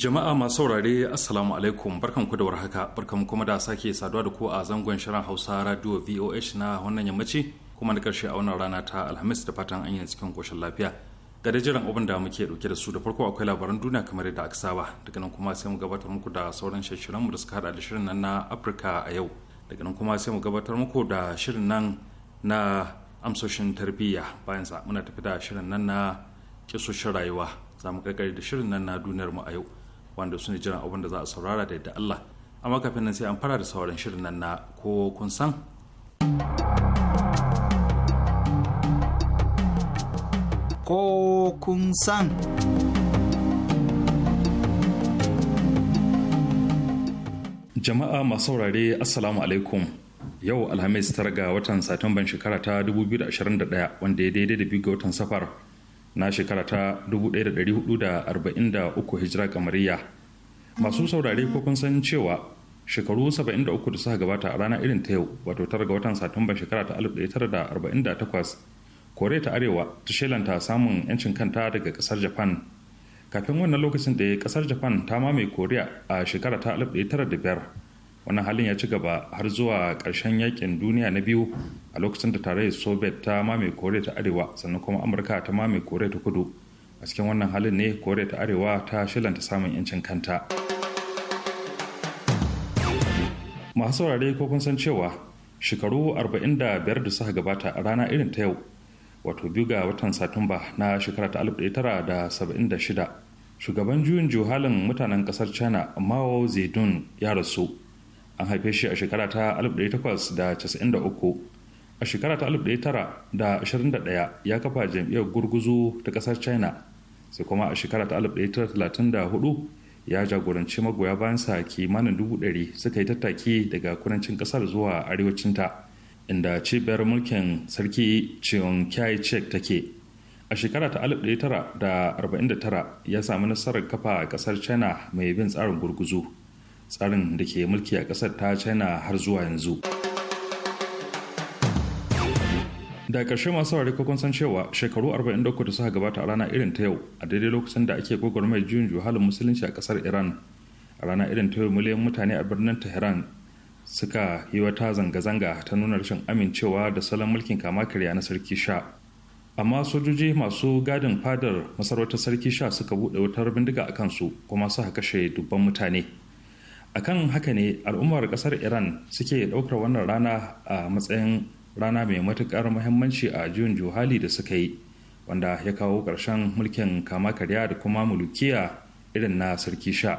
Jama'a masu saurare Assalamu alaikum barkan ku da warhaka barkan kuma da sake saduwa da ku a zangon shirin Hausa Radio VOH na wannan yammaci kuma na karshe a wannan rana ta Alhamis da fatan an yi cikin koshin lafiya. Ga da jiran abin da muke dauke da su da farko akwai labaran duniya kamar yadda aka saba daga nan kuma sai mu gabatar muku da sauran shirin mu da suka hada da shirin nan na Afirka a yau daga nan kuma sai mu gabatar muku da shirin nan na amsoshin tarbiyya bayan sa muna tafi da shirin nan na kisoshin rayuwa za mu da shirin nan na duniyar mu a yau wanda su ne jiran abin da za a saurara da yadda Allah amma kafin nan sai an fara da sauran shirin nan na ko kun san ko kun san jama'a masu saurare assalamu alaikum yau alhamis tara ga watan satumban shekara ta 2021 wanda ya daidai da biyu ga watan safar na shekara ta 1443 hijira kamariya masu saurare ko kun san cewa shekaru 73 da suka gabata a rana irin ta yau wato tara ga watan satumba shekara ta 1948 kore ta arewa ta shelanta samun yancin kanta daga kasar japan kafin wannan lokacin da kasar japan ta mamaye koriya a shekara ta 1905 wannan halin ya ci gaba har zuwa ƙarshen yakin duniya na biyu a lokacin da tarayyar soviet ta mame kore ta arewa sannan kuma amurka ta mame kore ta kudu a cikin wannan halin ne kore ta arewa ta shilanta samun yancin kanta masu saurare ko kun san cewa shekaru 45 da suka gabata a rana irin ta yau wato biyu ga watan satumba na shekara ta 1976 shugaban juyin juhalin mutanen kasar china mao zedong ya rasu an haife shi a shekara ta 1893 a shekara ta 1921 ya kafa jam'iyyar gurguzu ta kasar china sai kuma a shekara ta 1934 ya jagoranci magoya bayansa kimanin dubu ɗari suka yi tattaki daga kudancin ƙasar zuwa arewacin ta inda cibiyar mulkin sarki chiang kai shek take a shekara ta 1949 ya sami nasarar kafa kasar china mai bin tsarin gurguzu tsarin da ke mulki a ƙasar ta china har zuwa yanzu da ƙarshe masu saurari ko kun san cewa shekaru 43 da suka gabata a rana irin ta yau a daidai lokacin da ake mai juyin juhalin musulunci a ƙasar iran a rana irin ta yau miliyan mutane a birnin tehran suka yi wata zanga-zanga ta nuna rashin amincewa da salon mulkin kama karya na sarki sha amma sojoji masu gadin fadar masarautar sarki sha suka buɗe wutar bindiga a kansu kuma suka kashe dubban mutane a kan haka ne al'ummar kasar iran suke ɗaukar wannan rana a matsayin rana mai matukar muhimmanci a juyin juhali da suka yi wanda ya kawo ƙarshen mulkin kama karya da kuma mulukiya irin na sarki sha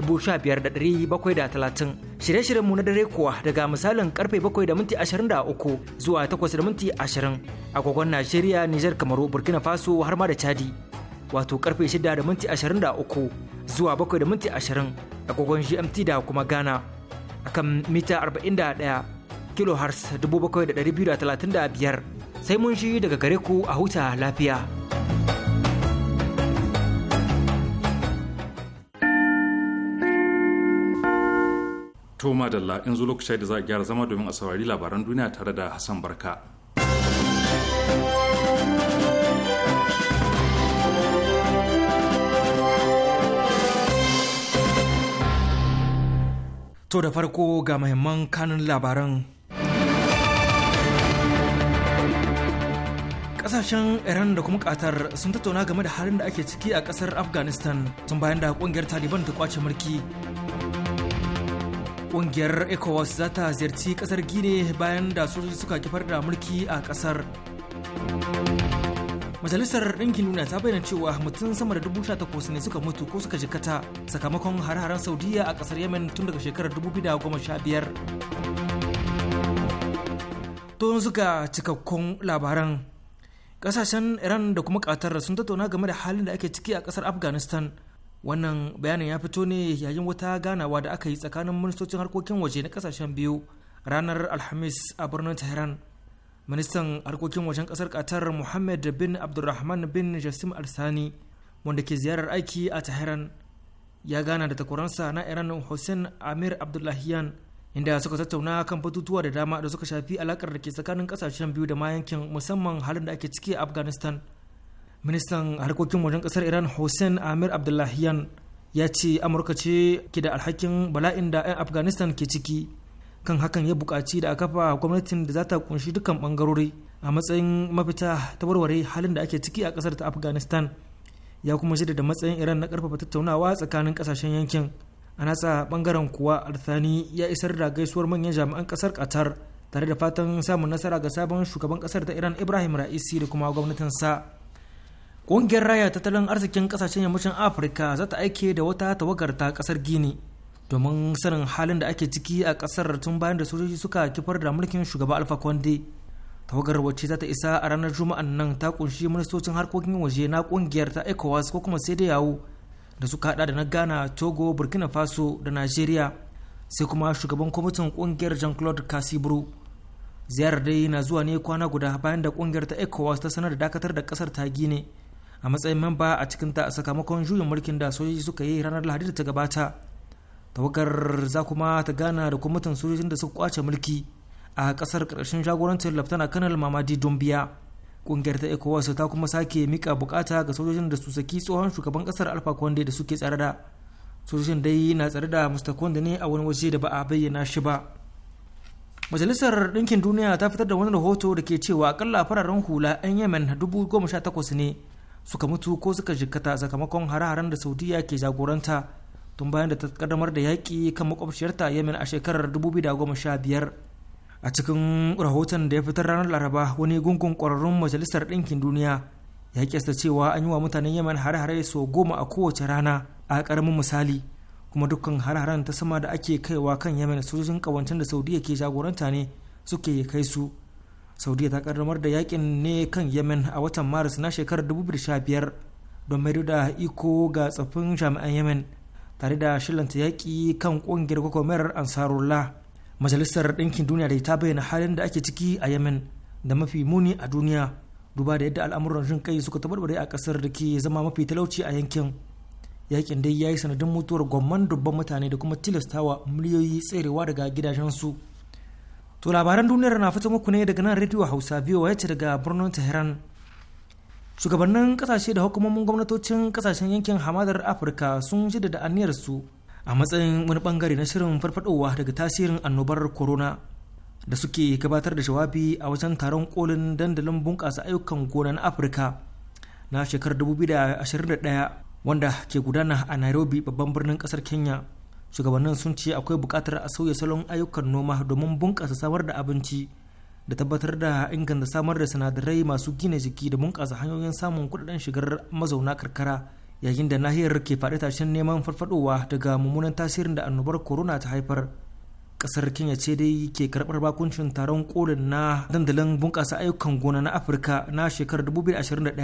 15730. Shirye-shiryenmu na dare kuwa daga misalin karfe 7:23 da minti zuwa 8:20 da minti Najeriya, Nijar, Kamaru, Burkina Faso har ma da Chadi. Wato karfe 6:23 da minti zuwa 7:20 a kogon GMT da kuma Ghana. kan mita 41 kilohertz 7235 sai mun shi daga gare ku a huta lafiya. To madalla zo lokaci da za a gyara zama domin a saurari labaran duniya tare da Hassan Barka. To da farko ga mahimman kanun labaran. Kasashen Iran da kuma katar sun tattauna game da halin da ake ciki a kasar Afghanistan tun bayan da kungiyar Taliban ta kwace mulki. Ƙungiyar ECOWAS za ta ziyarci kasar Gine bayan da sojoji suka kifar da mulki a ƙasar. Majalisar Ɗinkin Duniya ta bayyana cewa mutum sama da dubu sha takwas ne suka mutu ko suka jikata sakamakon har haren Saudiya a ƙasar Yemen tun daga shekarar dubu biyu da goma sha biyar. To ga cikakkun labaran. kasashen Iran da kuma ƙatar sun tattauna game da halin da ake ciki a kasar Afghanistan. wannan bayanin ya fito ne yayin wata ganawa da aka yi tsakanin ministocin harkokin waje na kasashen biyu ranar alhamis a birnin tehran ministan harkokin wajen kasar katar muhammad bin abdulrahman bin jasim alsani wanda ke ziyarar aiki a tehran ya gana da takwaransa na iran hussein amir abdullahiyan inda suka tattauna kan batutuwa da dama da suka shafi alakar da ke tsakanin kasashen biyu da ma yankin musamman halin da ake ciki a afghanistan ministan harkokin wajen kasar iran hussein amir abdullahiyan ya ce amurka ce ke da alhakin bala'in da 'yan afghanistan ke ciki kan hakan ya bukaci da a kafa gwamnatin da za ta kunshi dukkan ɓangarori a matsayin mafita ta warware halin da ake ciki a kasar ta afghanistan ya kuma shida da matsayin iran na ƙarfafa tattaunawa tsakanin kasashen yankin a nasa ɓangaren kuwa althani ya isar da gaisuwar manyan jami'an ƙasar qatar tare da fatan samun nasara ga sabon shugaban kasar ta iran ibrahim ra'isi da kuma gwamnatinsa ƙungiyar raya tattalin arzikin ƙasashen yammacin afirka za ta aike da wata tawagar ta ƙasar gini domin sanin halin da ake ciki a ƙasar tun bayan da sojoji suka kifar da mulkin shugaba alfa conde tawagar wacce za ta isa a ranar juma'an nan ta kunshi ministocin harkokin waje na ƙungiyar ta ecowas ko kuma sai da yawo da suka hada da na ghana togo burkina faso da nigeria sai kuma shugaban kwamitin ƙungiyar jean claude casibro ziyarar dai na zuwa ne kwana guda bayan da ƙungiyar ta ecowas ta sanar da dakatar da ƙasar ta gine a matsayin mamba a cikin ta sakamakon juyin mulkin da sojoji suka yi ranar lahadi da ta gabata tawagar za kuma ta gana da kwamitin sojojin da suka kwace mulki a kasar karshen jagorancin laftana kanal mamadi dumbiya kungiyar ta ecowas ta kuma sake mika bukata ga sojojin da su saki tsohon shugaban kasar alfa konde da suke tsare da sojojin dai na tsare da mustakonda ne a wani waje da ba a bayyana shi ba majalisar ɗinkin duniya ta fitar da wani rahoto da ke cewa akalla fararen hula 'yan yemen dubu goma sha takwas ne suka mutu ko suka jikkata sakamakon hare-haren da saudiya ke jagoranta tun bayan da ta kaddamar da yaƙi kan makwabciyarta yemen a shekarar 2015 a cikin rahoton da ya fitar ranar laraba wani gungun ƙwararrun majalisar ɗinkin duniya ya kesta cewa an yi wa mutanen yemen hare-hare sau goma a kowace rana a ƙaramin misali kuma dukkan hare-haren ta sama da ake kaiwa kan yemen sojojin ƙawancen da saudiya ke jagoranta ne suke kai su saudiya ta kaddamar da yakin ne kan yemen a watan maris na shekarar 2015 don maido da iko ga tsaffin jami'an yemen tare da shillanta yaƙi kan ƙungiyar gwagwarmayar ansarullah majalisar ɗinkin duniya da ta bayyana halin da ake ciki a yemen da mafi muni a duniya duba da yadda al'amuran jin kai suka tabarbare a ƙasar da ke zama mafi talauci a yankin yakin dai ya yi sanadin mutuwar gwamman dubban mutane da kuma tilastawa miliyoyi tserewa daga gidajensu To labaran duniyar na fito muku ne daga nan Radio Hausa VOA ce daga birnin Tehran. Shugabannin kasashe da hukumomin gwamnatocin kasashen yankin hamadar Afirka sun jaddada aniyarsu a matsayin wani bangare na shirin farfadowa daga tasirin annobar corona da suke gabatar da jawabi a wajen taron kolin dandalin bunƙasa ayyukan gona na Afirka na shekarar 2021 wanda ke gudana a Nairobi babban birnin ƙasar Kenya. shugabannin sun ce akwai bukatar a sauya salon ayyukan noma domin bunƙasa samar da abinci da tabbatar da inganta samar da sinadarai masu gina jiki da bunƙasa hanyoyin samun kuɗaɗen shigar mazauna karkara yayin da nahiyar ke faɗi tashin neman farfadowa daga mummunan tasirin da annobar corona ta haifar ƙasar kenya ce dai ke karbar bakuncin taron kolin na dandalin bunƙasa ayyukan gona na afirka na shekarar 2021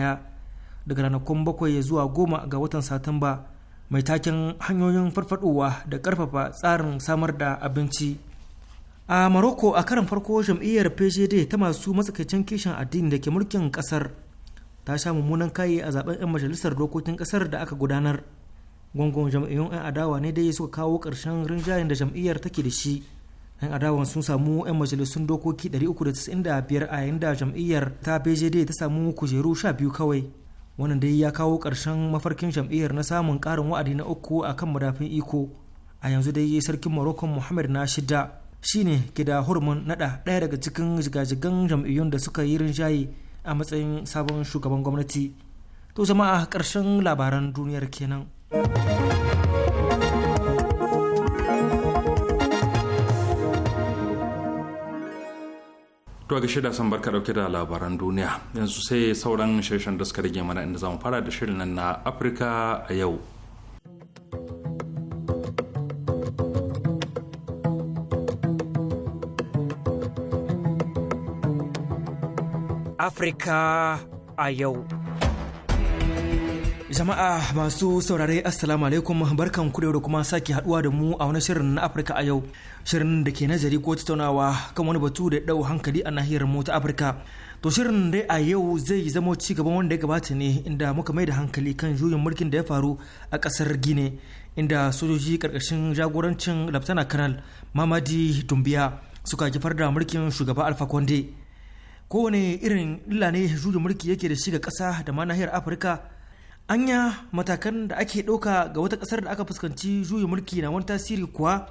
daga ranakun bakwai zuwa goma ga watan satumba mai taken hanyoyin farfaɗowa da karfafa tsarin samar da abinci a maroko a karan farko jam'iyyar pjd ta masu matsakaicin kishin addini da ke mulkin kasar ta sha mummunan kayi a zaben 'yan majalisar dokokin kasar da aka gudanar gungun jam'iyyun 'yan adawa ne dai suka kawo ƙarshen rinjayen da jam'iyyar take da shi 'yan adawan sun samu 'yan majalisun dokoki 395 a yayin da jam'iyyar ta pjd ta samu kujeru 12 kawai wannan dai ya kawo ƙarshen mafarkin jam'iyyar na samun ƙarin wa'adi na uku a kan madafin iko a yanzu dai sarkin morocco muhammad na shida shine ke da hurumin naɗa ɗaya daga cikin jigajigan jam'iyyun da suka yi rinjaye a matsayin sabon shugaban gwamnati to jama'a ƙarshen labaran duniyar kenan. To ga shida san barka dauke da labaran duniya yanzu sai sauran shirshen da suka rage mana inda zamu fara da shirin nan na Afirka a yau. Afirka a yau. Jama'a masu saurare Assalamu alaikum barkan ku da kuma sake haduwa da mu a wani shirin na Afirka a yau. Shirin da ke nazari ko tattaunawa kan wani batu da dau hankali a nahiyar mu ta Afirka. To shirin dai a yau zai zama ci gaban wanda ya gabata ne inda muka mai da hankali kan juyin mulkin da ya faru a kasar Gine inda sojoji karkashin jagorancin Laftana Kanal Mamadi Dumbiya suka kifar da mulkin shugaba alfa konde Kowane irin illa ne juyin mulki yake da shi ga kasa da ma nahiyar Afirka anya matakan da ake ɗauka ga wata ƙasar da aka fuskanci juyin mulki na wani tasiri kuwa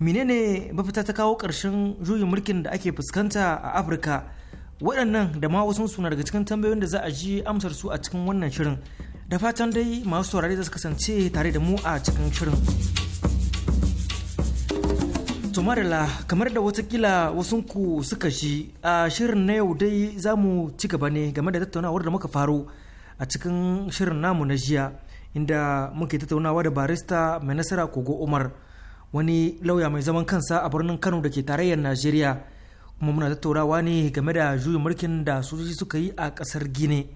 menene mafita ta kawo ƙarshen juyin mulkin da ake fuskanta a afirka waɗannan da ma wasu suna daga cikin tambayoyin da za a ji amsar su a cikin wannan shirin da fatan dai masu saurari za su kasance tare da mu a cikin shirin tumarila kamar da watakila wasunku suka shi a shirin na yau dai za mu ci gaba ne game da tattaunawar da muka faro a cikin shirin namu na jiya inda muke tattaunawa da barista mai nasara kogo umar wani lauya mai zaman kansa a birnin kano da ke tarayyar najeriya kuma muna tattaunawa ne game da juyin mulkin da sojoji suka yi a kasar gine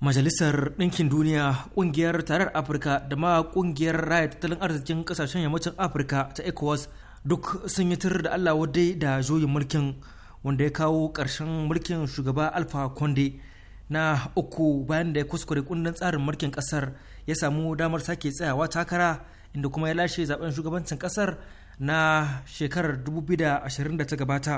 majalisar ɗinkin duniya ƙungiyar tarar afirka da ma ƙungiyar raya tattalin arzikin ƙasashen yammacin afirka ta ecowas duk sun yi tur da allah wadai da juyin mulkin wanda ya kawo ƙarshen mulkin shugaba alfa konde na uku bayan da ya kuskure kundin tsarin mulkin kasar ya samu damar sake tsayawa takara inda kuma ya lashe zaben shugabancin kasar na shekarar 2020 da ta gabata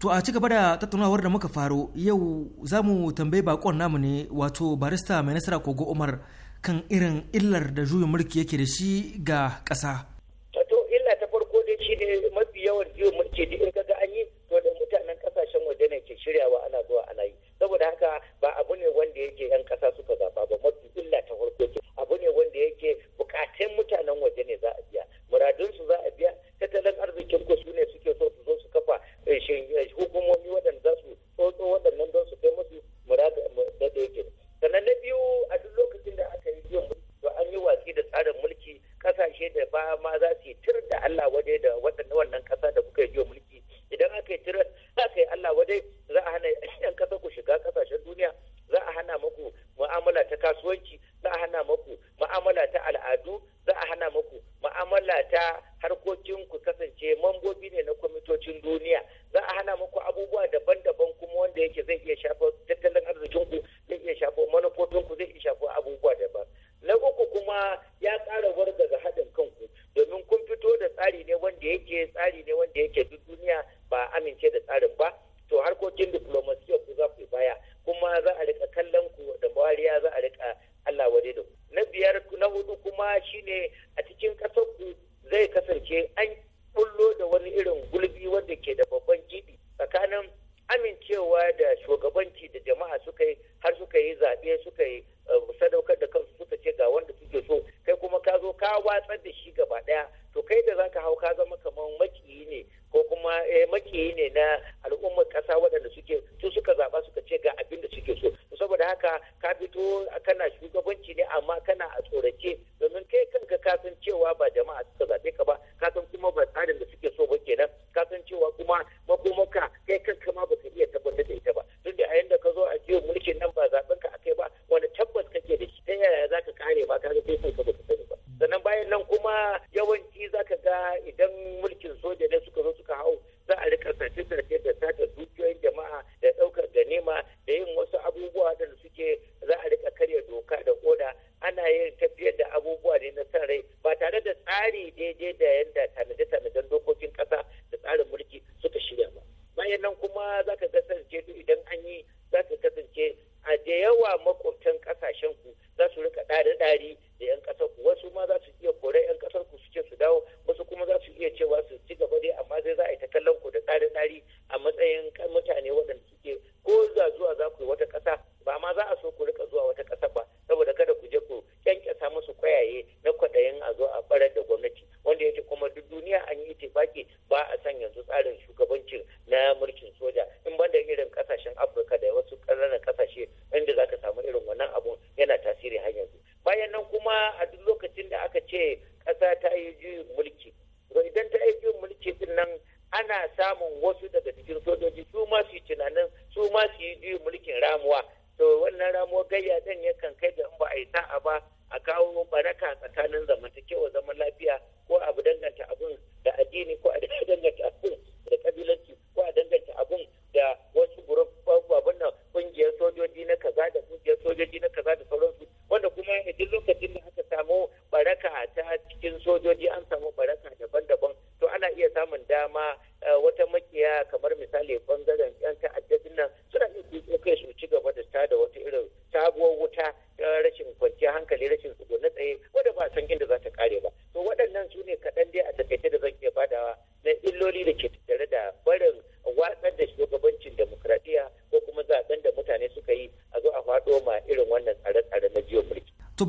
to a cigaba da tattaunawar da muka faro yau za mu tambayi bakon namu ne wato barista mai nasara kogo umar kan irin illar da juyin mulki yake da shi ga ƙasa. wato illa ta farko dai shi ne mafi yawan juyin mulki in kaga an yi to da mutanen kasashen waje ne ke shiryawa ana zuwa ana yi saboda haka ba abu ne wanda yake yan kasa suka zaba ba mafi illa ta farko abu ne wanda yake bukatun mutanen waje ne za a biya muradunsu za a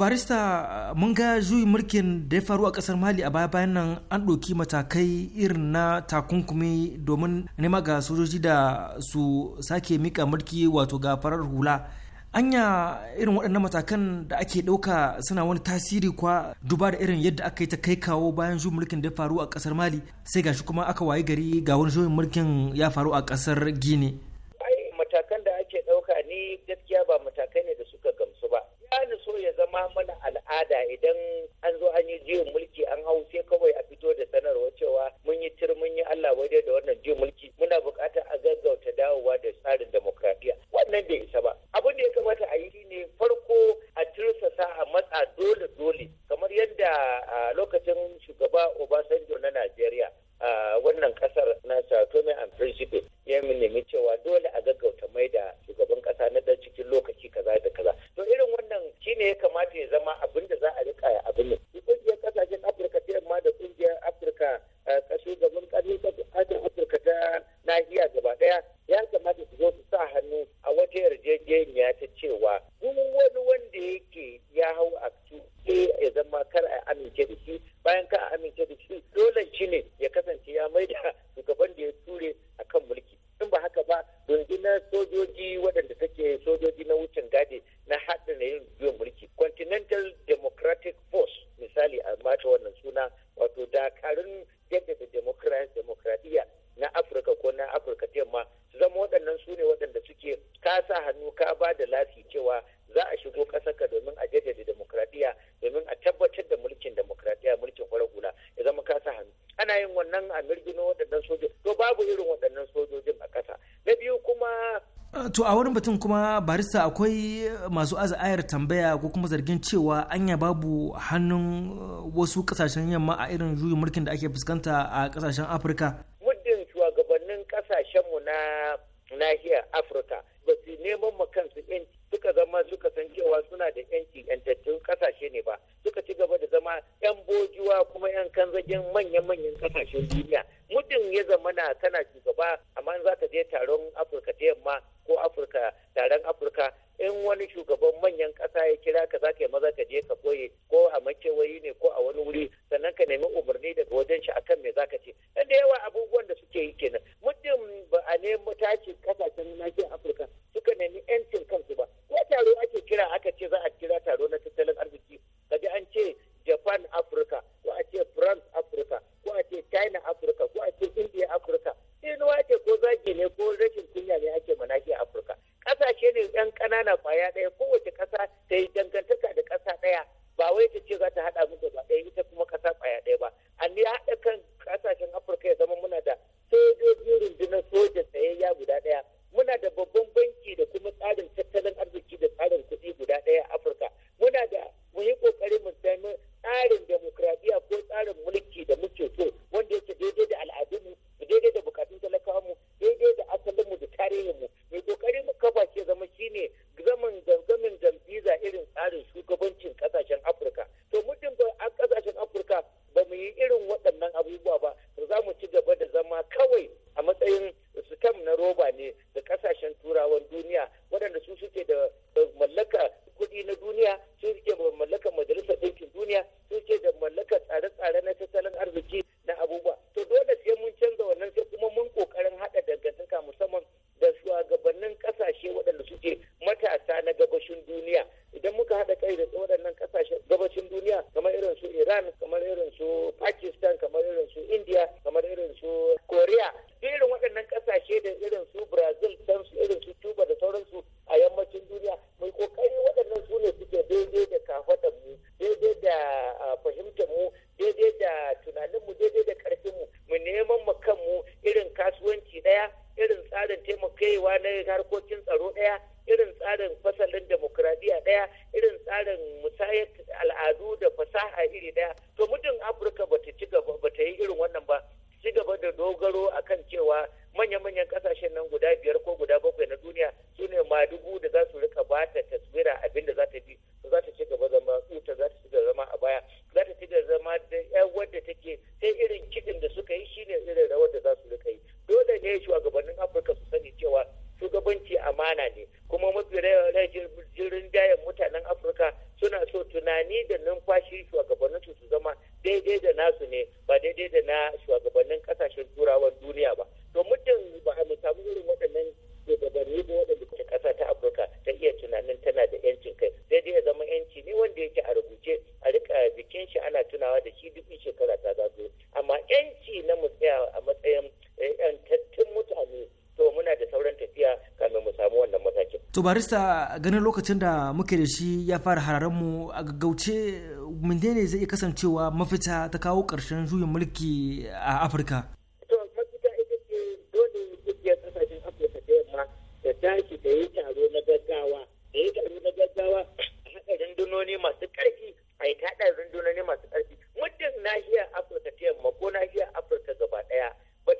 barista mun ga juyin mulkin da ya faru a kasar mali a baya bayan nan an ɗauki matakai irin na takunkumi domin nema ga sojoji da su sake mika mulki wato ga farar hula anya irin waɗannan matakan da ake ɗauka suna wani tasiri kwa duba da irin yadda aka yi ta kai kawo bayan juyin mulkin da ya faru a kasar mali sai gashi kuma aka wayi gari ga wani juyin mulkin ya faru a kasar gini matakan da ake ɗauka ni gaskiya ba matakai ne da ba so ya zama mana al'ada idan an zo an yi jiwon mulki an hau sai kawai a fito da sanarwa cewa mun yi tir mun yi Allah waje da wannan jiwon mulki muna bukata a gaggauta dawowa da tsarin demokradiyya wannan bai isa ba abin da ya kamata a yi shine farko a tirsasa a matsa dole dole kamar yadda a lokacin shugaba Obasanjo na Najeriya a wannan kasar na Sao Tome and Principe ya nemi cewa dole a gaggauta mai da ne ya kamata ya zama abin da za a rika abin nan kungiyar kasashen afirka ta yamma da kungiyar afirka kaso eh, gaban kasashen afirka ta nahiya gaba daya ya kamata su zo su sa hannu a wata yarjejeniya ta cewa to a wurin batun kuma barista akwai masu aza'ayar tambaya ko kuma zargin cewa anya babu hannun uh, wasu kasashen yamma a irin juyin mulkin da ake fuskanta a kasashen afirka muddin shugabannin kasashenmu na nahiyar afirka ba su neman ma kansu yanci suka zama suka san cewa suna da yanci yantattun kasashe ne ba suka ci gaba da zama yan bojuwa kuma yan kanzagen manya-manyan kasashen duniya muddin ya zama na kana tsare na na tattalin barista ganin lokacin da muke da shi ya fara hararen mu a gaggauce menene zai iya kasancewa mafita ta kawo ƙarshen juyin mulki a afirka to mafita ita ce dole kungiyar kasashen afirka ta yamma da tashi da yi taro na gaggawa da yi taro na gaggawa a haɗa rundunoni masu ƙarfi a yi taɗa rundunoni masu ƙarfi muddin nahiyar afirka ta yamma ko nahiyar afirka gaba ɗaya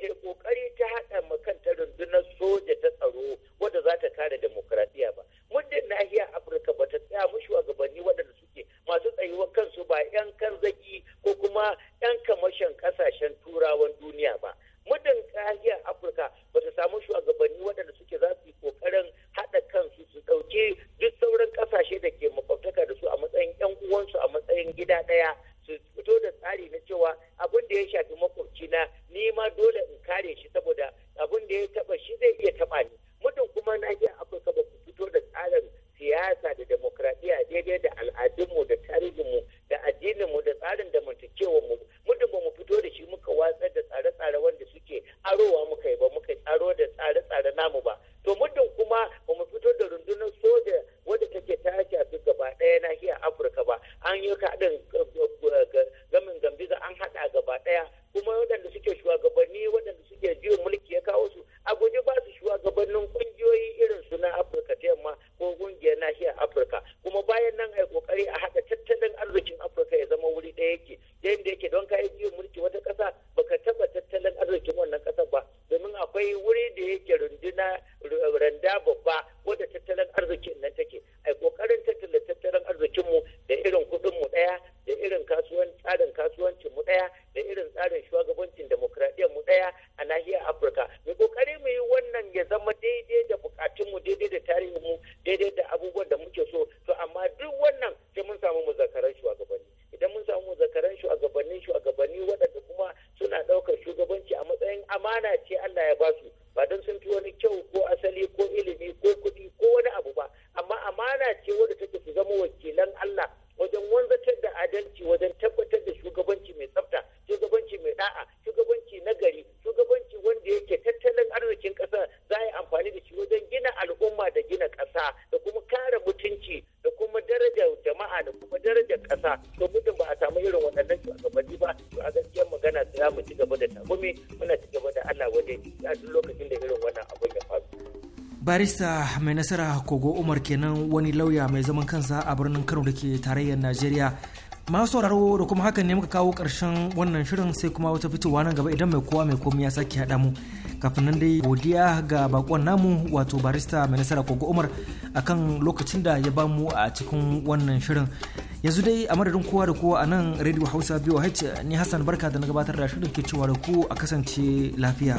ta yi kokari ta haɗa ma kanta rundunar soja ta tsaro wadda za ta kare demokradiyya ba muddin nahiyar afirka ba ta tsaya mu shugabanni waɗanda suke masu tsayuwar kansu ba 'yan kan zagi was barista mai nasara kogo umar kenan wani lauya mai zaman kansa a birnin kano da ke tarayyar najeriya masu sauraro da kuma hakan ne muka kawo karshen wannan shirin sai kuma wata fitowa nan gaba idan mai kowa mai komi ya sake haɗa mu kafin nan dai godiya ga bakon namu wato barista mai nasara kogo umar akan lokacin da ya bamu a cikin wannan shirin yanzu dai a madadin kowa da kowa a nan rediyo hausa boh ni hassan barka da na gabatar da shirin ke cewa da ku a kasance lafiya.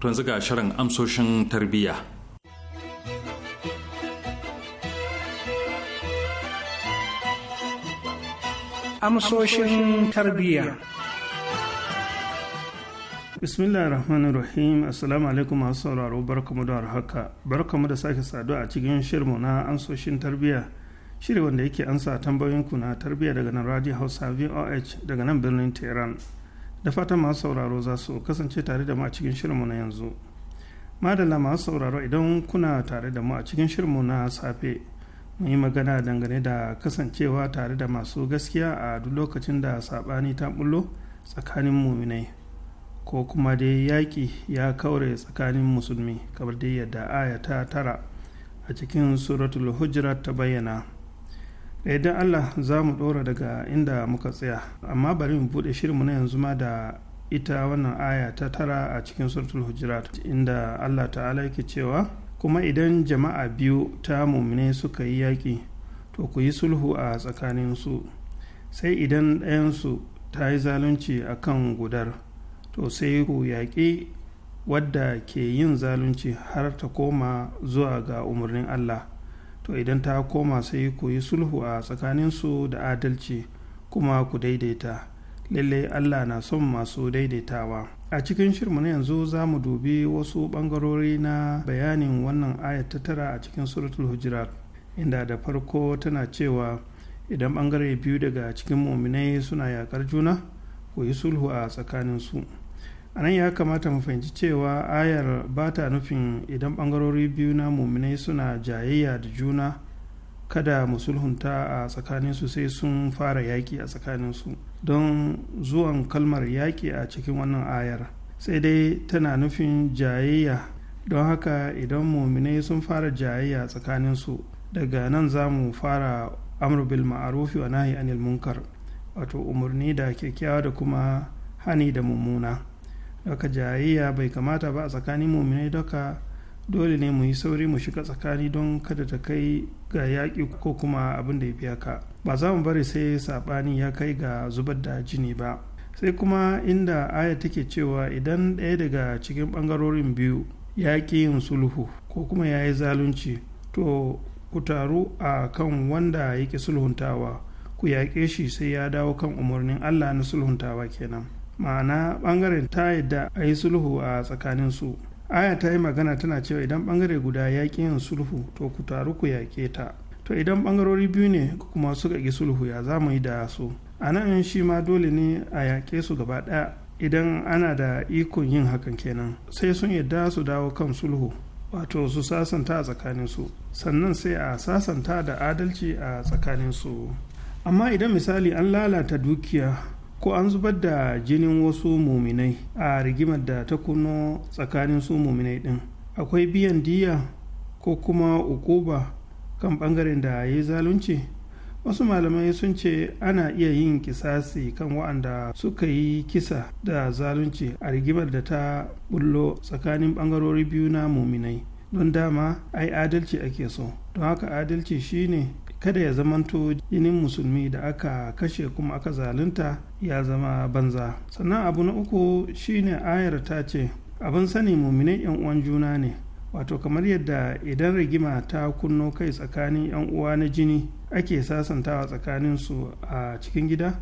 to yanzu ga shirin amsoshin tarbiyya amsoshin tarbiyya bismillah rahman rahim assalamu alaikum masu sauraro barkamu da haka barkamu da sake saduwa a cikin shirmu na amsoshin tarbiyya shiri wanda yake ansa tambayoyinku na tarbiyya daga nan radio hausa voh daga nan birnin tehran da fatan masu sauraro za su kasance tare da mu a cikin shirinmu na yanzu madalla masu sauraro idan kuna tare da mu a cikin shirinmu na safe mu yi magana dangane da kasancewa tare da masu gaskiya a duk lokacin da saɓani ta bullo tsakanin muminai ko kuma dai yaƙi ya kaure tsakanin musulmi kamar dai yadda aya ta tara a cikin suratul hujrat ta bayyana idan eh, allah za mu ɗora daga inda muka tsaya amma bari mu buɗe shirinmu na yanzu ma da ita wannan aya ta tara a cikin suratul hujurat inda allah ta'ala yake cewa kuma idan jama'a biyu ta mumine suka yi yaƙi to ku yi sulhu a tsakaninsu sai idan ɗayansu ta yi zalunci a kan gudar to sai ku yaƙi wadda ke yin zalunci har ta koma zuwa ga umarnin allah to idan ta koma sai ku yi sulhu a tsakaninsu da adalci kuma ku daidaita lalle allah na son masu daidaitawa a cikin shirmu na yanzu za mu dubi wasu ɓangarori na bayanin wannan ayat ta tara a cikin suratul hujurat inda da farko tana cewa idan ɓangare biyu daga cikin muminai suna yaƙar juna ku yi sulhu a tsakaninsu a nan ya kamata mu fahimci cewa ayar ba ta nufin idan ɓangarori biyu na muminai suna jayayya da juna kada mu sulhunta a tsakaninsu sai sun fara yaƙi a tsakaninsu don zuwan kalmar yaƙi a cikin wannan ayar sai dai tana nufin jayayya don haka idan muminai sun fara jayayya a tsakaninsu daga nan za mu fara amru bil ma'arufi wa nahi anil munkar wato umarni da kyakkyawa da kuma hani da mummuna Daka jayayya bai kamata ba a tsakanin muminai daka dole ne mu yi sauri mu shiga tsakani don kada ta kai ga yaƙi ko kuma abin da ya fi haka. Ba za mu bari sai saɓani ya kai ga zubar da jini ba. Sai kuma inda aya take cewa idan ɗaya daga cikin ɓangarorin biyu ya ƙi yin sulhu ko kuma ya yi zalunci to ku taru a kan wanda ya ƙi sulhuntawa ku yaƙe shi sai ya dawo kan umarnin allah na sulhuntawa kenan ma'ana bangaren ta yadda a yi sulhu a tsakanin su aya ta yi magana tana cewa idan bangare guda ya yin sulhu to ku taru ku yaƙe ta to idan bangarori biyu ne kuma suka ƙi sulhu ya za mu yi da su a nan shi ma dole ne a yaƙe su gaba ɗaya idan ana da ikon yin hakan kenan sai sun yadda su dawo kan sulhu wato su sasanta a tsakanin su sannan sai a sasanta da adalci a tsakanin su amma idan misali an lalata dukiya ko an zubar da jinin wasu muminai a rigimar da ta kuno tsakanin su muminai din akwai biyan diya ko kuma ukuba kan bangaren da ya yi zalunci wasu malamai sun ce ana iya yin kisasi kan waɗanda suka yi kisa da zalunci a rigimar da ta bullo tsakanin bangarori biyu na muminai don dama ai adalci ake so don haka adalci shine kada ya zamanto jinin musulmi da aka kashe kuma aka zalunta ya zama banza sannan abu na uku shine ayar ta ce abin sani muminai yan uwan juna ne wato kamar yadda idan rigima ta kunno kai tsakanin yan uwa na jini ake sasantawa tsakanin su a cikin gida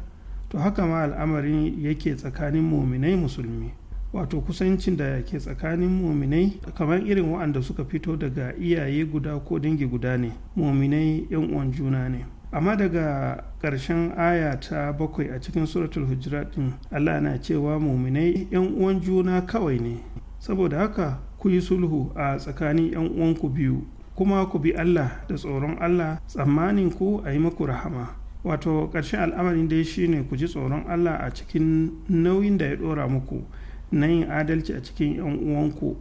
to haka ma al'amarin yake tsakanin muminai musulmi wato kusancin da ke tsakanin muminai kamar irin waɗanda suka fito daga iyaye guda ko dangi guda ne muminai yan uwan juna ne amma daga ƙarshen aya ta bakwai a cikin suratul hujurat din allah na cewa muminai yan uwan juna kawai ne saboda haka ku yi sulhu a tsakanin yan uwanku biyu kuma ku bi allah da tsoron allah tsammanin ku a yi maku rahama wato ƙarshen al'amarin dai shine ku ji tsoron allah a cikin nauyin da ya ɗora muku na yin adalci a cikin 'yan uwanku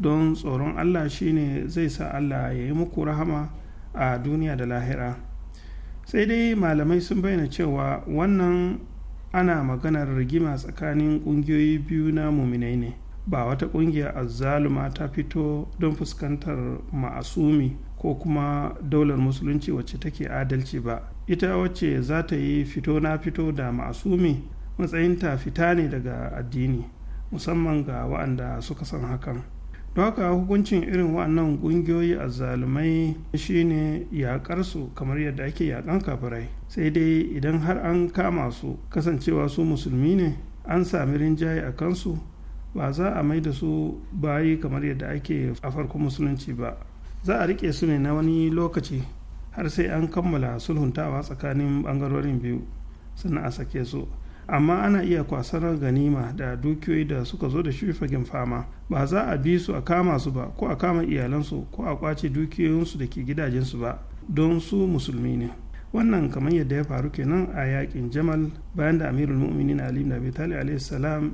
don tsoron allah shine zai sa allah ya yi muku rahama a duniya da lahira sai dai malamai sun bayyana cewa wannan ana maganar rigima tsakanin ƙungiyoyi biyu na muminai ne ba wata ƙungiyar azzaluma ta fito don fuskantar ma'asumi ko kuma daular musulunci wacce take adalci ba ita wacce za ta yi fito na fito da ma'asumi matsayinta fita ne daga addini musamman ga waɗanda suka san hakan don haka hukuncin irin waɗannan ƙungiyoyi a zalumai shine yaƙarsu kamar yadda ake yaƙan kafirai sai dai idan har an kama su kasancewa su musulmi ne an sami rinjaye a kansu ba za a mai da su bayi kamar yadda ake a farkon musulunci ba za a riƙe su ne na wani lokaci har sai an kammala sulhuntawa tsakanin ɓangarorin biyu sannan a sake su amma ana iya kwasar ganima da dukiyoyi da suka zo da shi fagen fama ba za a bi su a kama su ba ko a kama iyalansu ko a kwace dukiyoyinsu da ke gidajensu ba don su musulmi ne wannan kamar yadda ya faru kenan a yakin jamal bayan da amirul mu'minin ali ibn abi talib salam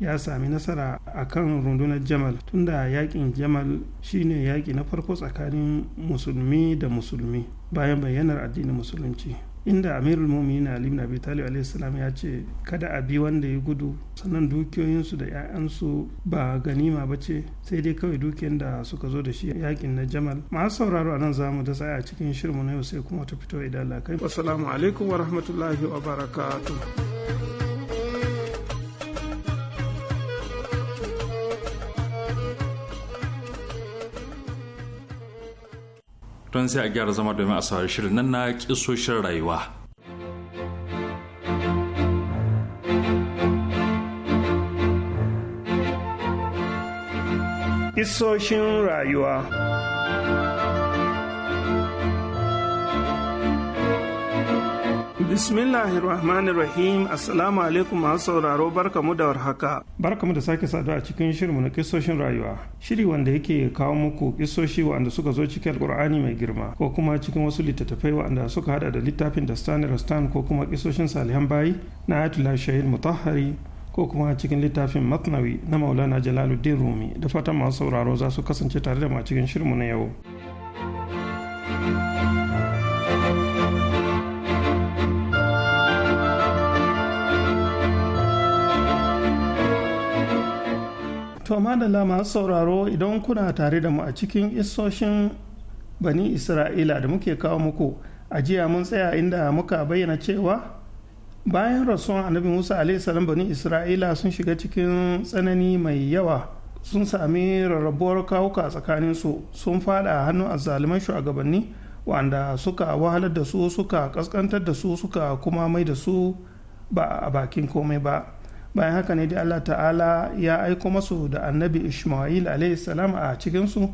ya sami nasara a kan rundunar jamal tunda yakin jamal shine yaki na farko tsakanin musulmi da musulmi bayan bayyanar addinin musulunci inda amirul mumin ali ibn abi talib alaihi ya ce kada a bi wanda ya gudu sannan dukiyoyinsu da 'ya'yansu ba ganima ba ce sai dai kawai dukiyar da suka zo da shi yakin na jamal masu sauraro a nan za mu dasa a cikin shirinmu na yau sai kuma ta fito idan lakai wassalamu alaikum wa rahmatullahi wa barakatuh don sai a gyara zama domin a saurari shirin nan na kisoshin rayuwa. Kisoshin rayuwa Bismillahirrahmanirrahim Assalamu alaikum masu sauraro barkamu da warhaka. Barkamu da sake saduwa a cikin shirinmu na kisoshin rayuwa. Shiri wanda yake kawo muku kisoshi wanda suka zo cikin Alkur'ani mai girma ko kuma cikin wasu littattafai wanda suka hada da littafin da Stan ko kuma kisoshin Salihan Bayi na Ayatollah Shahid Mutahhari ko kuma cikin littafin Matnawi na Maulana Jalaluddin Rumi da fatan masu sauraro za su kasance tare da mu cikin shirinmu na yau. to madalla masu sauraro idan kuna tare da mu a cikin isoshin bani isra'ila da muke kawo muku a jiya mun tsaya inda muka bayyana cewa bayan rasuwan annabi musa salam bani isra'ila sun shiga cikin tsanani mai yawa sun sami rarrabuwar kawuka su sun fada a hannun azzaluman shugabanni wanda suka wahalar da su suka kaskantar da su suka kuma mai da su ba a bakin komai ba bayan haka ne dai allah ta'ala ya aiko masu da annabi ishmael salam a cikinsu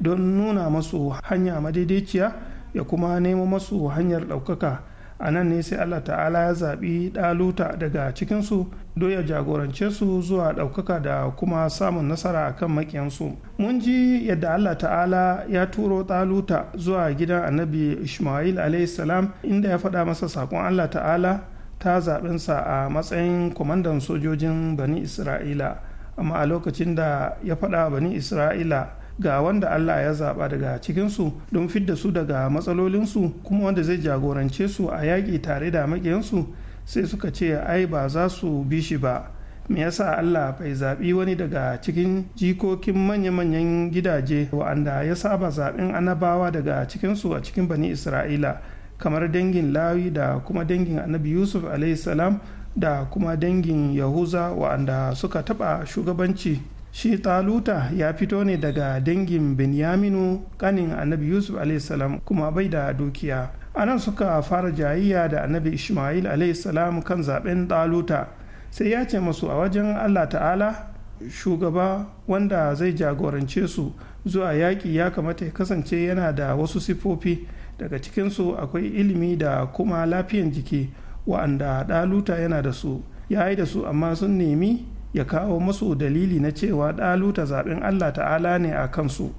don nuna masu hanya madaidaiciya ya kuma nemo masu hanyar ɗaukaka a nan ne sai allah ta'ala ya zaɓi ɗaluta daga cikinsu don ya jagorance su zuwa ɗaukaka da kuma samun nasara a kan maƙiyansu mun ji yadda allah ta'ala ya turo ɗaluta zuwa gidan annabi ishmael salam inda ya faɗa masa saƙon allah ta'ala ta zaɓensa a matsayin kwamandan sojojin bani isra'ila amma a lokacin da ya faɗa bani isra'ila ga wanda allah ya zaɓa daga cikinsu don fidda su daga matsalolinsu kuma wanda zai jagorance su a yaƙi tare da maƙiyansu sai suka ce ai ba za su bi shi ba me yasa Allah bai zaɓi wani daga cikin jikokin manya-manyan gidaje wa'anda ya saba zaɓen anabawa daga cikinsu a cikin bani Isra'ila kamar dangin lawi da kuma dangin annabi yusuf salam da kuma dangin yahuza wa'anda suka taɓa shugabanci shi taluta ya fito ne daga dangin benyaminu kanin annabi yusuf salam kuma bai da dukiya anan suka fara jayayya da annabi ishmael salam kan zaben taluta sai ya ce masu a wajen allah ta'ala shugaba wanda zai jagorance su zuwa yaƙi ya kamata ya kasance yana da wasu sifofi daga cikinsu akwai ilimi da kuma lafiyan jiki wa'anda ɗaluta yana da su ya yi da su amma sun nemi ya kawo musu dalili na cewa ɗaluta zaɓen allah ta'ala ne a kansu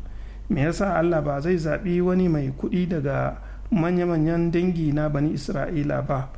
me yasa allah ba zai zaɓi wani mai kuɗi daga manya-manyan dangi na bani isra'ila ba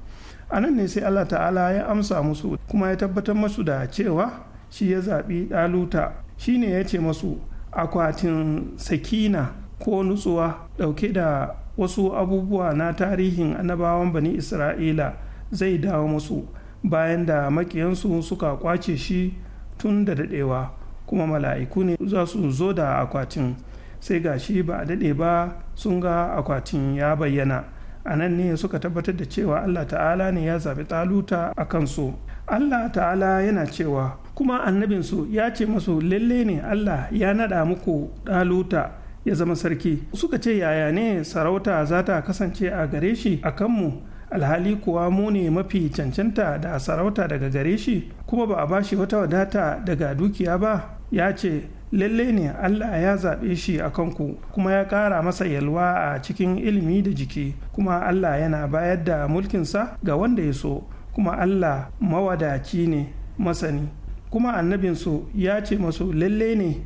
a nan ne sai allah ta'ala ya amsa musu kuma ya tabbatar musu da cewa shi ya zaɓi ɗaluta shi ne ya ce masu akwatin sakina ko nutsuwa ɗauke da wasu abubuwa na tarihin annabawan bani isra'ila zai dawo musu bayan da makiyansu suka kwace shi tun da daɗewa kuma mala'iku ne za su zo da akwatin sai ga shi ba a daɗe ba sun ga akwatin ya bayyana a nan ne suka tabbatar da cewa allah ta'ala ne ya zaɓi taluta a kansu allah ta'ala yana cewa kuma annabinsu ya ce masu lalle ne allah ya naɗa muku ɗaluta ya zama sarki suka ce yaya ne sarauta za ta kasance a gare shi a kanmu alhali kuwa mu ne mafi cancanta da sarauta daga gare shi kuma ba a ba shi wata wadata daga dukiya ba ya ce lalle ne Allah ya zaɓe shi a kanku kuma ya ƙara masa yalwa a cikin ilimi da jiki kuma Allah yana bayar da mulkinsa ga wanda ya so kuma Allah mawadaci ne masani kuma annabinsu ya ce masu lalle ne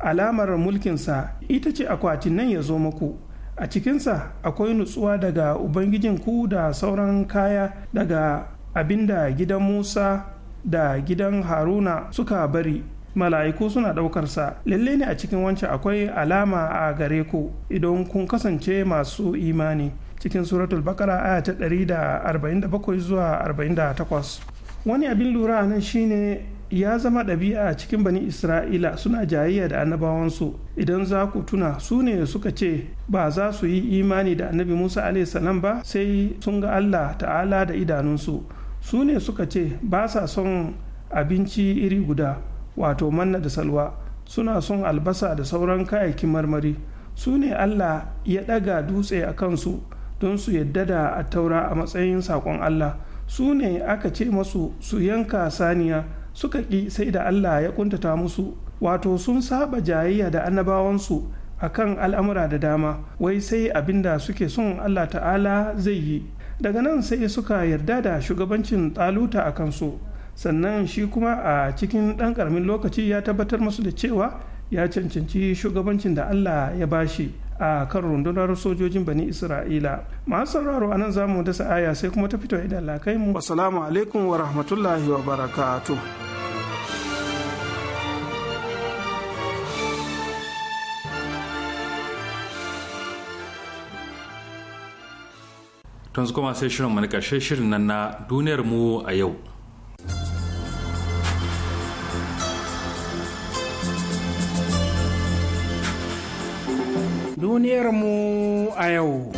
alamar mulkinsa ita ce akwatin nan ya zo muku a cikinsa akwai nutsuwa daga ubangijinku da sauran kaya daga abinda gidan musa da gidan haruna suka bari mala'iku suna ɗaukarsa lalle ne a cikin wancan akwai alama a gare ku idan kun kasance masu imani cikin suratul bakara aya ta 147 zuwa 48 wani abin lura nan shine ya zama ɗabi'a a cikin bani isra'ila suna jayayya da annabawansu idan za ku tuna su ne suka ce ba za su yi imani da annabi musa salam ba sai sun ga allah ta'ala da idanunsu su ne suka ce ba sa son abinci iri guda wato manna da salwa suna son albasa da sauran kayayyakin marmari su ne allah ya ɗaga dutse a kansu don su yadda da a taura a matsayin saƙon allah su ne aka ce masu su yanka saniya suka ƙi sai da Allah ya kuntata musu wato sun saba jayayya da annabawansu a kan al'amura da dama wai sai abin da suke son Allah ta'ala zai yi daga nan sai suka yarda da shugabancin taluta a kansu sannan shi kuma a cikin ɗan ƙaramin lokaci ya tabbatar musu da cewa ya cancanci shugabancin da Allah ya bashi a kan rundunar sojojin bani isra'ila masu sauraro anan za mu dasa aya sai kuma ta fito idan lakai mu assalamu alaikum wa rahmatullahi wa barakatu. tun kuma sai shirin mani ƙarshe shirin nan na duniyar mu a yau mu a yau.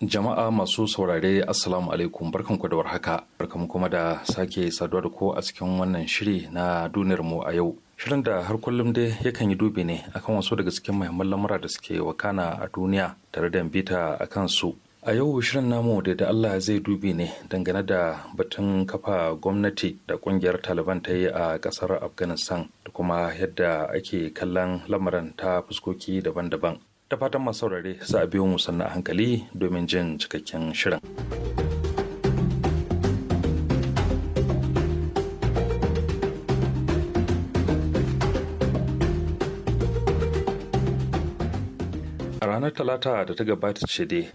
Jama'a masu saurare Assalamu alaikum barkanku da warhaka barkan kuma da sake saduwa da ko a cikin wannan shiri na duniyarmu a yau. Shirin da har kullum dai yakan yi dubi ne akan wasu daga cikin muhimman lamura da suke wakana a duniya tare da bita a su a yau shirin namu da da allah zai dubi ne dangane da batun kafa gwamnati da kungiyar taliban ta yi a kasar afghanistan da kuma yadda ake kallon lamarin ta fuskoki daban-daban ta fatan masu saurare sa a biyo mu sannan a hankali domin jin cikakken shirin ranar talata da ta gabata ce dai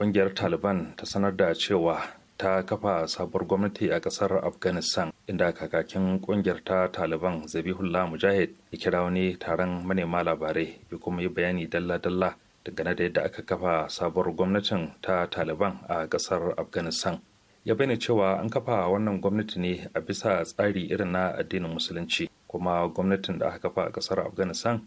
kungiyar taliban ta sanar da cewa ta kafa sabuwar gwamnati a kasar afghanistan inda kakakin kungiyar ta taliban zabihullah mujahid ya kira wani taron manema labarai ya kuma yi bayani dalla-dalla dangane da yadda aka kafa sabuwar gwamnatin ta taliban a kasar afghanistan ya bayyana cewa an kafa wannan gwamnati ne a bisa tsari irin na addinin musulunci kuma gwamnatin da aka kafa a kasar afghanistan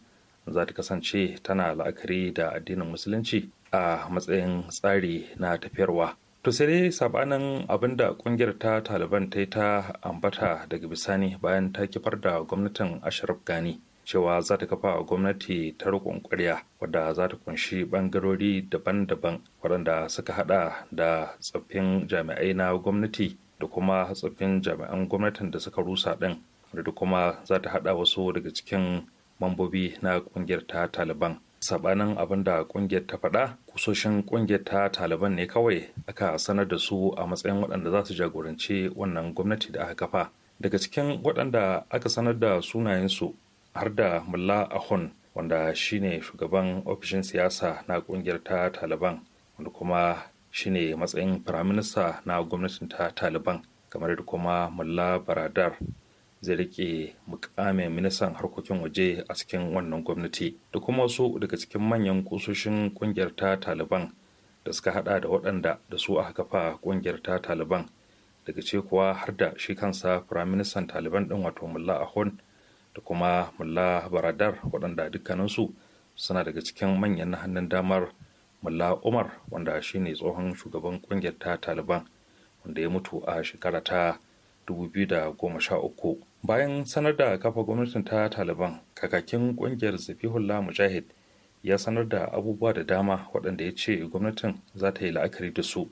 za ta kasance tana la'akari da addinin musulunci a matsayin tsari na tafiyarwa to sai dai sabanin abin kungiyar ta taliban ta yi ta ambata daga bisani bayan ta kifar da gwamnatin ashraf gani cewa za ta kafa gwamnati ta rukun kwarya wadda za ta kunshi bangarori daban-daban waɗanda suka hada da tsoffin jami'ai na gwamnati da kuma tsoffin jami'an gwamnatin da suka rusa ɗin da kuma za ta hada wasu daga cikin mambobi na kungiyar ta taliban sabanin abin da kungiyar ta faɗa kusoshin kungiyar ta taliban ne kawai aka sanar da su a matsayin waɗanda za su jagoranci wannan gwamnati da aka kafa daga cikin waɗanda aka sanar da sunayensu har da mulla ahun wanda shine shugaban ofishin siyasa na kungiyar ta taliban wanda kuma shine matsayin firaminista na gwamnatin ta taliban kamar da kuma mulla baradar zai rike mukamin ministan harkokin waje a cikin wannan gwamnati da kuma wasu daga cikin manyan kusoshin kungiyar ta taliban da suka hada da waɗanda da su aka kafa kungiyar ta taliban daga ce kuwa har da shi kansa firaministan taliban ɗin wato mullah ahun da kuma mullah baradar waɗanda dukkaninsu suna daga cikin manyan na hannun damar mullah umar wanda shine tsohon shugaban kungiyar ta taliban wanda ya mutu a shekara ta 2013 bayan sanar da kafa gwamnatin ta taliban kakakin kungiyar zafihullah mujahid ya sanar da abubuwa da dama waɗanda ya ce gwamnatin za ta yi la'akari da su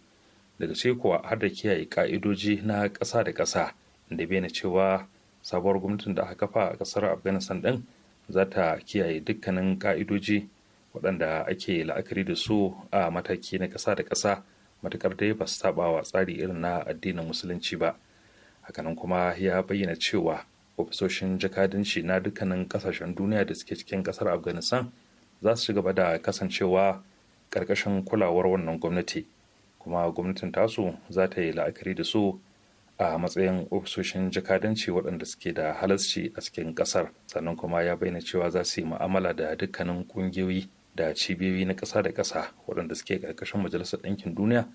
daga ce kuwa har da kiyaye ka'idoji na ƙasa da ƙasa da bai cewa sabuwar gwamnatin da aka kafa a ƙasar afghanistan ɗin za ta kiyaye dukkanin ka'idoji waɗanda ake la'akari da su a mataki na ƙasa da ƙasa matuƙar dai ba su wa tsari irin na addinin musulunci ba. hakanan kuma ya bayyana cewa ofisoshin jakadanci na dukkanin kasashen duniya da suke cikin kasar afghanistan za su gaba da kasancewa karkashin kulawar wannan gwamnati kuma gwamnatin tasu za ta yi la'akari da su a matsayin ofisoshin jakadanci waɗanda suke da halasci a cikin ƙasar sannan kuma ya bayyana cewa za su yi mu'amala da dukkanin ƙungiyoyi da cibiyoyi na ƙasa da ƙasa waɗanda suke ƙarƙashin majalisar ɗinkin duniya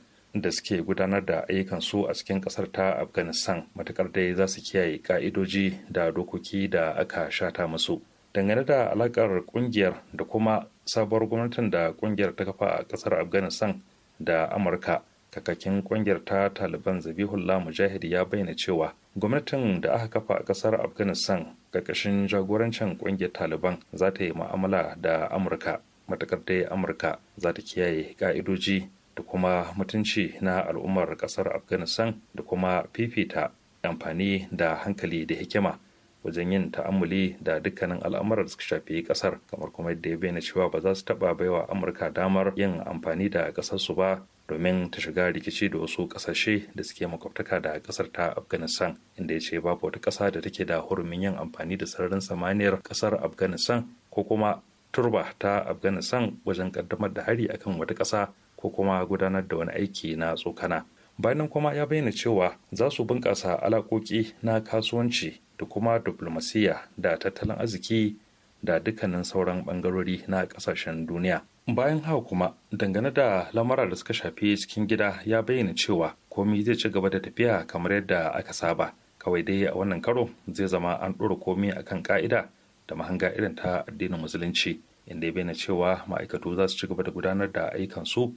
da suke gudanar da ayyukan su a cikin kasar ta afghanistan matakar dai za su kiyaye ka'idoji da dokoki da aka shata musu dangane da alakar kungiyar da kuma sabuwar gwamnatin da kungiyar ta kafa a kasar afghanistan da amurka kakakin kungiyar ta taliban zabihullah mujahid ya bayyana cewa gwamnatin da aka kafa a kasar afghanistan karkashin jagorancin kungiyar taliban za ta yi ma'amala da amurka matakar dai amurka za ta kiyaye ka'idoji da kuma mutunci na al'ummar kasar afghanistan da kuma fifita amfani da hankali da hikima wajen yin ta'ammuli da dukkanin al'amuran da suka shafi kasar kamar kuma yadda ya bayyana cewa ba za su taba baiwa amurka damar yin amfani da kasarsu ba domin ta shiga rikici da wasu kasashe da suke makwabtaka da kasar ta afghanistan inda ya ce babu wata kasa da take da hurumin yin amfani da sararin samaniyar kasar afghanistan ko kuma turba ta afghanistan wajen kaddamar da hari akan wata kasa ko kuma gudanar da wani aiki na tsokana bayanan kuma ya bayyana cewa za su bunƙasa alaƙoƙi na kasuwanci da kuma diplomasiya da tattalin arziki da dukkanin sauran ɓangarori na ƙasashen duniya bayan haka kuma dangane da lamara da suka shafi cikin gida ya bayyana cewa komi zai ci gaba da tafiya kamar yadda aka saba kawai dai a wannan karo zai zama an ɗora komi akan ka'ida da mahanga irin ta addinin musulunci inda ya bayyana cewa ma'aikatu za su ci gaba da gudanar da ayyukansu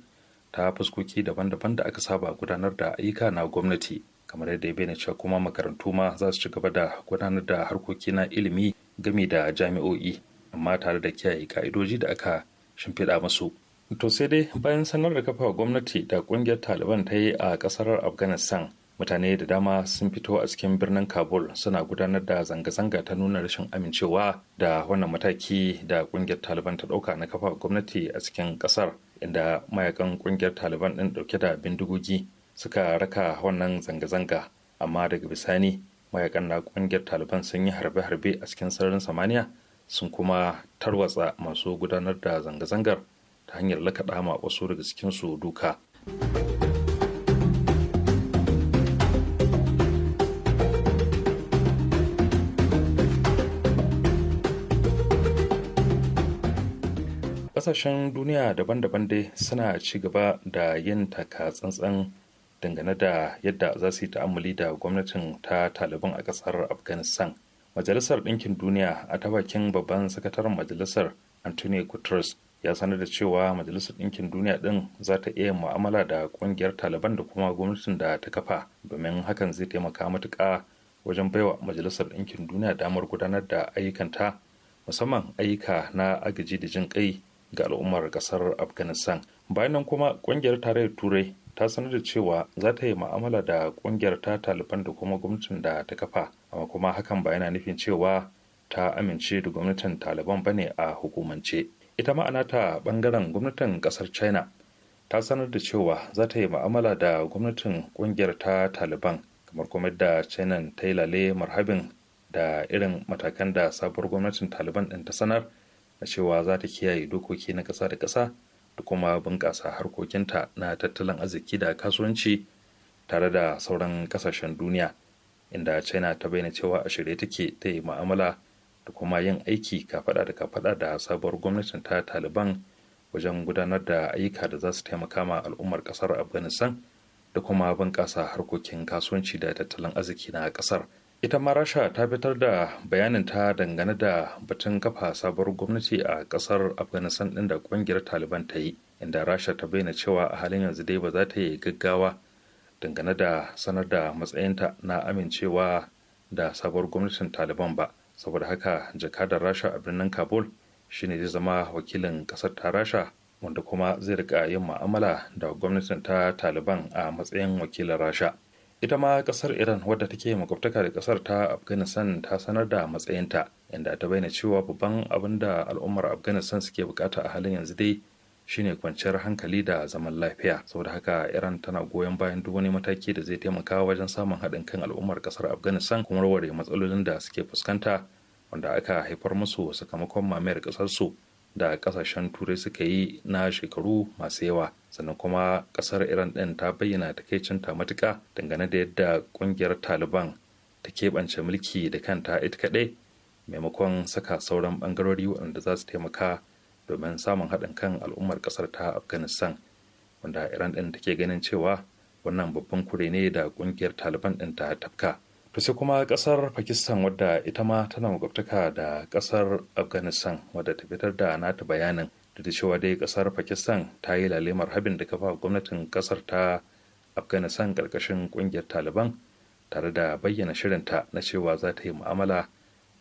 ta fuskoki daban-daban da aka saba gudanar da ayyuka na gwamnati kamar yadda ya bayyana cewa kuma makarantu ma za su ci gaba da gudanar da harkoki na ilimi game da jami'o'i amma tare da kiyaye ka'idoji da aka shimfiɗa musu to sai dai bayan sanar da kafa gwamnati da kungiyar taliban ta yi a kasar afghanistan mutane da dama sun fito a cikin birnin kabul suna gudanar da zanga-zanga ta nuna rashin amincewa da wannan mataki da kungiyar taliban ta dauka na kafa gwamnati a cikin kasar inda mayakan kungiyar taliban din dauke da bindigogi suka raka wannan zanga-zanga amma daga bisani mayakan na kungiyar taliban sun yi harbe-harbe a cikin sararin samaniya sun kuma tarwatsa masu gudanar da zanga-zangar ta hanyar lakaɗa wasu daga cikinsu duka. kasashen duniya daban-daban dai suna ci gaba da yin taka tsantsan dangane da yadda za su yi ta'ammali da gwamnatin ta taliban a kasar afghanistan majalisar ɗinkin duniya a ta bakin babban sakataren majalisar anthony guterres ya sanar da cewa majalisar ɗinkin duniya ɗin za ta iya mu'amala da ƙungiyar taliban da kuma gwamnatin da ta kafa domin hakan zai taimaka matuka wajen baiwa majalisar ɗinkin duniya damar gudanar da ayyukanta musamman ayyuka na agaji da jin kai ga al'ummar kasar afghanistan bayan nan kuma kungiyar tarayyar turai ta sanar da cewa za ta yi ma'amala da kungiyar ta taliban da kuma gwamnatin da ta kafa amma kuma hakan ba yana nufin cewa ta amince da gwamnatin taliban bane a hukumance ita ma'ana ta bangaren gwamnatin kasar china ta sanar da cewa za ta yi ma'amala da gwamnatin kungiyar ta taliban kamar kuma da china ta yi lale marhabin da irin matakan da sabuwar gwamnatin taliban ɗin ta sanar a cewa za ta kiyaye dokoki na ƙasa da ƙasa da kuma bunƙasa harkokinta na tattalin arziki da kasuwanci tare da sauran ƙasashen duniya inda china ta bayyana cewa a shirye take ta yi ma'amala da kuma yin aiki kafaɗa da kafaɗa da sabuwar gwamnatin ta taliban wajen gudanar da ayyuka da za su taimaka ma al'ummar ƙasar afghanistan da kuma bunƙasa harkokin kasuwanci da tattalin arziki na ƙasar. ita ma rasha ta fitar da bayanin ta dangane da batun kafa sabuwar gwamnati a kasar afghanistan din da kungiyar taliban ta yi inda rasha ta bayyana cewa a halin yanzu dai ba za ta yi gaggawa dangane da sanar da matsayinta na amincewa da sabuwar gwamnatin taliban ba saboda haka jakadar rasha a birnin kabul shine zai zama wakilin kasar ta rasha wanda kuma zai rika yin ma'amala da gwamnatin ta taliban a matsayin wakilin rasha ita ma kasar iran wadda take makwabtaka da kasar ta afghanistan ta sanar da matsayinta inda ta bayyana cewa babban abin da al'ummar afghanistan suke bukata a halin yanzu dai shine kwanciyar hankali da zaman lafiya saboda haka iran tana goyon bayan duk wani mataki da zai taimaka wajen samun haɗin kan al'ummar kasar afghanistan kuma warware matsalolin da suke fuskanta wanda aka haifar musu sakamakon mamayar ƙasarsu. da kasashen turai suka yi na shekaru masu yawa sannan kuma kasar iran ɗin ta bayyana takaicinta matuka dangane da yadda ƙungiyar taliban ta keɓance mulki da kanta ita kaɗai maimakon saka sauran ɓangarori waɗanda za su taimaka domin samun haɗin kan al'ummar ƙasar ta afghanistan wanda iran ɗin take ganin cewa wannan babban kure ne da ƙungiyar taliban ɗin ta tafka to sai kuma kasar pakistan wadda ita ma tana magabtaka da kasar afghanistan wadda ta fitar da nata bayanin da ta cewa dai kasar pakistan ta yi lalemar habin da kafa gwamnatin kasar ta afghanistan karkashin kungiyar taliban tare da bayyana shirinta na cewa za ta yi mu'amala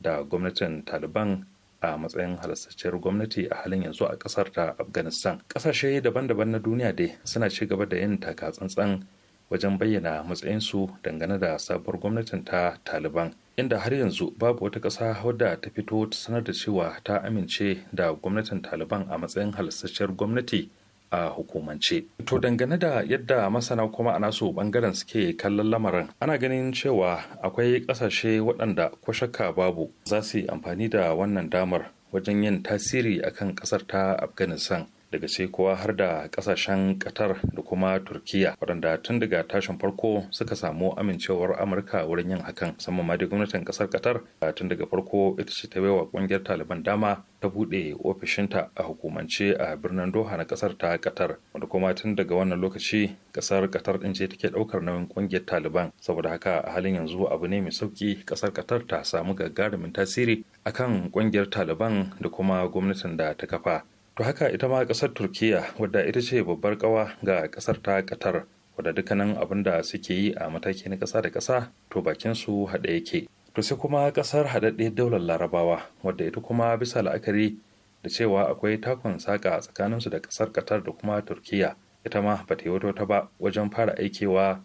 da gwamnatin taliban a matsayin halastacciyar gwamnati a halin yanzu a kasar ta afghanistan kasashe daban-daban na duniya dai suna ci gaba da yin taka tsantsan wajen bayyana matsayinsu dangane da sabuwar gwamnatin ta taliban inda har yanzu babu wata ƙasa wadda ta fito ta sanar da cewa ta amince da gwamnatin taliban a matsayin halastacciyar gwamnati a hukumance. To dangane da yadda masana kuma a nasu bangaren suke kallon lamarin ana ganin cewa akwai ƙasashe waɗanda ko shakka babu za su yi amfani da wannan damar wajen yin tasiri akan ƙasar ta afghanistan daga sai kowa har da kasashen qatar da kuma turkiya waɗanda tun daga tashin farko suka samu amincewar amurka wurin yin hakan musamman ma da gwamnatin ƙasar qatar tun daga farko ita ce ta baiwa ƙungiyar taliban dama ta buɗe ofishinta a hukumance a birnin doha na kasar ta qatar wanda kuma tun daga wannan lokaci ƙasar qatar din ce take ɗaukar nauyin ƙungiyar taliban saboda haka a halin yanzu abu ne mai sauƙi ƙasar qatar ta samu gagarumin tasiri akan ƙungiyar taliban da kuma gwamnatin da ta kafa to haka ita ma kasar turkiya wadda ita ce babbar kawa ga kasar ta qatar wadda dukkanin abin da suke yi a mataki na kasa da kasa to bakin su haɗe yake to sai kuma kasar haɗaɗɗe daular larabawa wadda ita kuma bisa la'akari da cewa akwai takon saƙa su da kasar qatar da kuma turkiyya ita ma ba ta yi wata ba wajen fara aikewa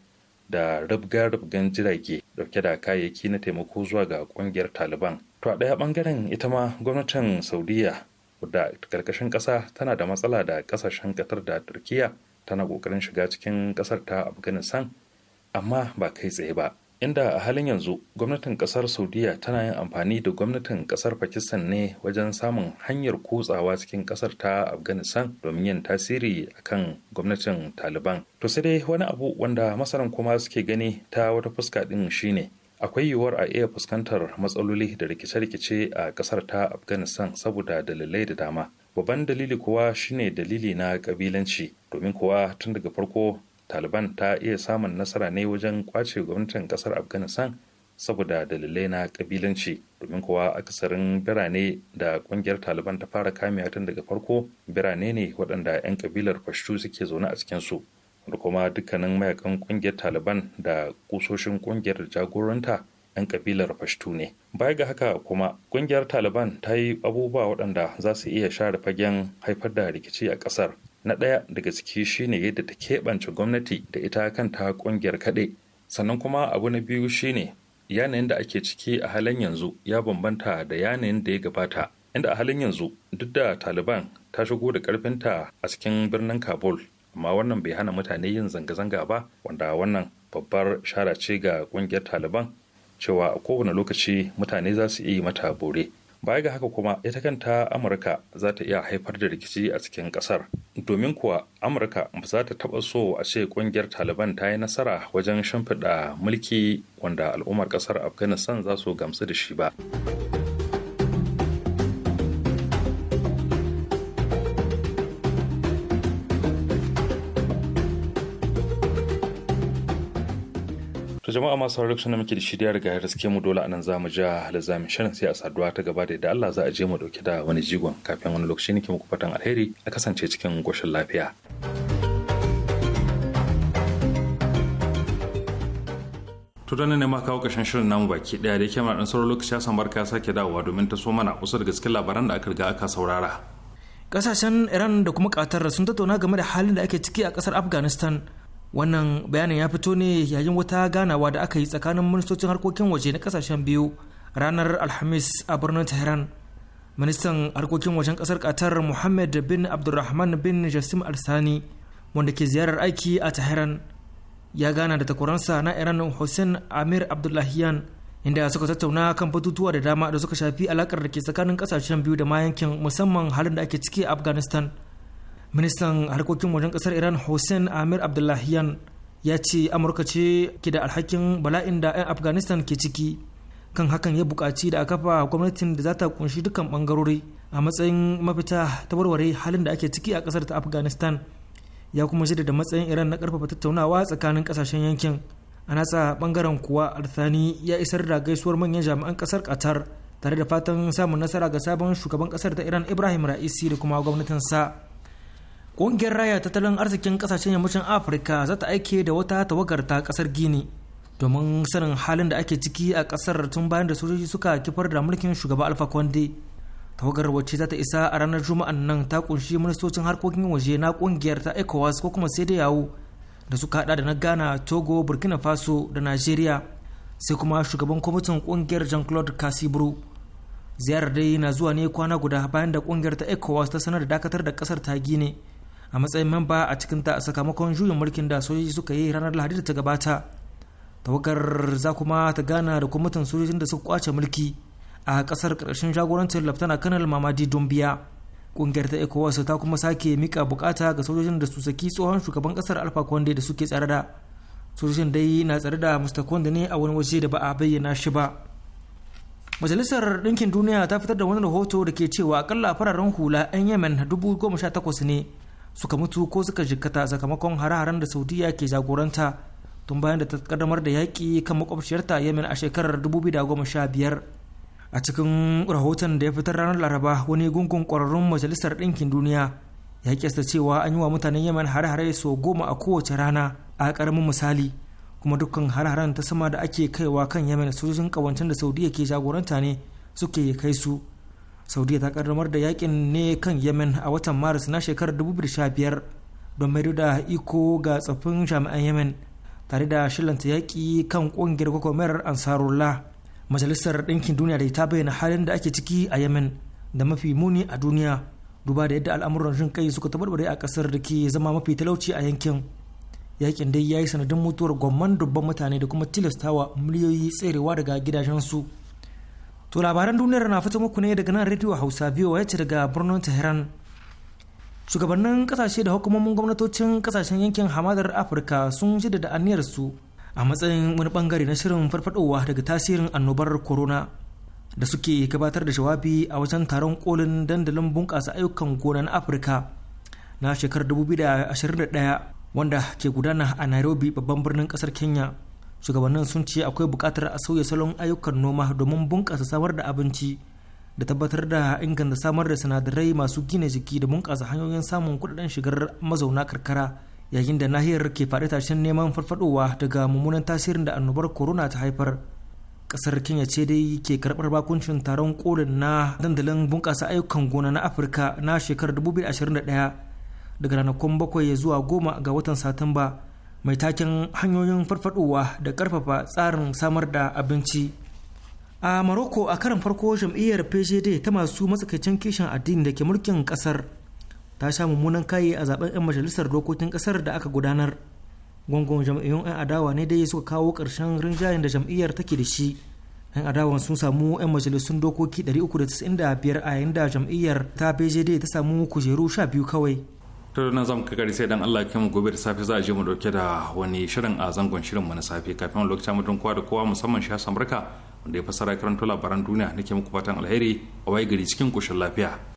da rubga-rubgan jirage dauke da kayayyaki na taimako zuwa ga ƙungiyar taliban to a ɗaya ɓangaren ita ma gwamnatin saudiya da karkashin ƙasa tana da matsala da ƙasashen ƙatar da turkiya tana ƙoƙarin shiga cikin ƙasar ta afghanistan amma ba kai tsaye ba inda a halin yanzu gwamnatin ƙasar saudiya tana yin amfani da gwamnatin ƙasar pakistan ne wajen samun hanyar kutsawa cikin ƙasar ta afghanistan domin yin tasiri akan gwamnatin taliban to sai dai wani abu wanda masaran kuma suke gani ta wata fuska ɗin shine akwai yiwuwar a iya fuskantar matsaloli da rikice-rikice a kasar ta afghanistan saboda dalilai da dama babban dalili kuwa shine dalili na kabilanci domin kuwa tun daga farko taliban ta iya samun nasara ne wajen kwace gwamnatin kasar afghanistan saboda dalilai na kabilanci domin kuwa akasarin birane da kungiyar taliban ta fara kamewa tun daga farko birane ne waɗanda 'yan kabilar fashtu suke zaune a cikinsu da kuma dukkanin mayakan kungiyar taliban da kusoshin kungiyar jagoranta 'yan kabilar fashtu ne baya ga haka kuma kungiyar taliban ta yi abubuwa waɗanda za su iya share fagen haifar da rikici a ƙasar na ɗaya daga ciki shine yadda ta keɓance gwamnati da ita kanta kungiyar kaɗe. sannan kuma abu na biyu shine yanayin da ake ciki a halin yanzu ya bambanta da yanayin da ya gabata inda a halin yanzu duk da taliban ta shigo da karfinta a cikin birnin kabul amma wannan bai hana mutane yin zanga-zanga ba wanda wannan babbar shara ce ga kungiyar taliban cewa a kowane lokaci mutane za su yi mata bore baya ga haka kuma ita kanta amurka za ta iya haifar da rikici a cikin kasar domin kuwa amurka ba za ta taba so a ce kungiyar taliban ta yi nasara wajen shimfiɗa mulki wanda al'ummar kasar afghanistan za su gamsu da shi ba jama'a masu sauraro na muke da shirya riga haske mu dole anan zamu ja lazamin shirin sai a saduwa ta gaba da yadda Allah za a je mu dauke da wani jigon kafin wani lokaci nake muku fatan alheri a kasance cikin goshin lafiya. tunanin ne ma kawo kashin shirin namu baki daya da yake mana dan sauran lokaci san barka sake dawowa domin ta so mana kusa da gaske labaran da aka riga aka saurara kasashen iran da kuma qatar sun tattauna game da halin da ake ciki a kasar afghanistan wannan bayanin ya fito ne yayin wata ganawa da aka yi tsakanin ministocin harkokin waje na kasashen biyu ranar alhamis a birnin tehran ministan harkokin wajen kasar katar muhammad bin abdulrahman bin jasim alsani wanda ke ziyarar aiki a tehran ya gana da takwaransa na iran hussein amir abdullahiyan inda suka tattauna kan batutuwa da dama da suka shafi alakar da ke tsakanin kasashen biyu da ma yankin musamman halin da ake ciki a afghanistan ministan harkokin wajen kasar iran hussein amir abdullahiyan ya ce amurka ce ke da alhakin bala'in da 'yan afghanistan ke ciki kan hakan ya bukaci da a kafa gwamnatin da za ta kunshi dukkan bangarori a matsayin mafita ta warware halin da ake ciki a kasar ta afghanistan ya kuma shida da matsayin iran na karfafa tattaunawa tsakanin kasashen yankin a nasa bangaren kuwa althani ya isar da gaisuwar manyan jami'an kasar qatar tare da fatan samun nasara ga sabon shugaban kasar ta iran ibrahim ra'isi da kuma gwamnatinsa ƙungiyar raya tattalin arzikin ƙasashen yammacin afirka za ta aike da wata tawagar ta ƙasar gini domin sanin halin da ake ciki a ƙasar tun bayan da sojoji suka kifar da mulkin shugaba Alpha konde tawagar wacce za ta isa a ranar juma'an nan ta kunshi ministocin harkokin waje na ƙungiyar ta ecowas ko kuma sai da yawo da suka hada da na ghana togo burkina faso da najeriya sai kuma shugaban kwamitin ƙungiyar jean claude casibro ziyarar dai na zuwa ne kwana guda bayan da ƙungiyar ta ecowas ta sanar da dakatar da ƙasar ta gine a matsayin mamba a cikin ta sakamakon juyin mulkin da sojoji suka yi ranar lahadi da ta gabata tawagar za kuma ta gana da kwamitin sojojin da suka kwace mulki a kasar karshen jagorancin laftana kanal mamadi dumbiya kungiyar ta ecowas ta kuma sake mika bukata ga sojojin da su saki tsohon shugaban kasar alfa konde da suke tsare da sojojin dai na tsare da da ne a wani waje da ba a bayyana shi ba majalisar ɗinkin duniya ta fitar da wani rahoto da ke cewa akalla fararen hula 'yan yemen dubu goma sha takwas ne suka mutu ko suka jikkata sakamakon hare-haren da saudiya ke jagoranta tun bayan da ta kaddamar da yaƙi kan makwabciyarta yemen a shekarar 2015 a cikin rahoton da ya fitar ranar laraba wani gungun ƙwararrun majalisar ɗinkin duniya ya kesta cewa an yi wa mutanen yemen hare-hare sau goma a kowace rana a ƙaramin misali kuma dukkan hare-haren ta sama da ake kaiwa kan yemen sojojin ƙawancen da saudiya ke jagoranta ne suke kai su saudiya ta kaddamar da yakin ne kan yemen a watan maris na shekarar 2015 don maido da iko ga tsaffin jami'an yemen tare da shillanta yaƙi kan ƙungiyar gwagwarmayar ansarola majalisar ɗinkin duniya da ta bayyana halin da ake ciki a yemen da mafi muni a duniya duba da yadda al'amuran jin kai suka tabarbare a ƙasar da ke zama mafi talauci a yankin yakin dai ya yi sanadin mutuwar gwamman dubban mutane da kuma tilastawa miliyoyi tserewa daga gidajensu To labaran duniyar na fito muku ne daga nan rediyo Hausa biyu ce daga birnin Tehran. Shugabannin kasashe da hukumomin gwamnatocin kasashen yankin hamadar Afirka sun jaddada aniyarsu a matsayin wani bangare na shirin farfadowa daga tasirin annobar corona da suke gabatar da jawabi a wajen taron kolin dandalin bunƙasa ayyukan gona na Afirka na shekarar 2021 wanda ke gudana a Nairobi babban birnin ƙasar Kenya. shugabannin sun ce akwai buƙatar a sauya salon ayyukan noma domin bunƙasa samar da abinci da tabbatar da inganta samar da sinadarai masu gina jiki da bunƙasa hanyoyin samun kuɗaɗen shigar mazauna karkara yayin da nahiyar ke faɗi tashin neman farfadowa daga mummunan tasirin da annobar corona ta haifar ƙasar kenya ce dai ke karɓar bakuncin taron kolin na dandalin bunƙasa ayyukan gona na afirka na shekarar 2021 daga ranakun bakwai zuwa goma ga watan satumba mai taken hanyoyin farfadowa da karfafa tsarin samar da abinci a maroko a karan farko jam'iyyar pjd ta masu matsakaicin kishin addini da ke mulkin kasar ta sha mummunan kayi a zaben 'yan majalisar dokokin kasar da aka gudanar gwangon jam'iyyun 'yan adawa ne dai suka kawo ƙarshen rinjayen da jam'iyyar take da shi 'yan adawan sun samu 'yan majalisun dokoki 395 a yayin da jam'iyyar ta pgd ta samu kujeru 12 kawai tare nan zamu kai gari sai dan Allah ya mu gobe da safe za a je mu dauke da wani shirin a zangon shirin mu na safe kafin lokacin mutun kowa da kowa musamman shi Hassan Barka wanda ya fassara karanto labaran duniya nake muku fatan alheri a waye gari cikin koshin lafiya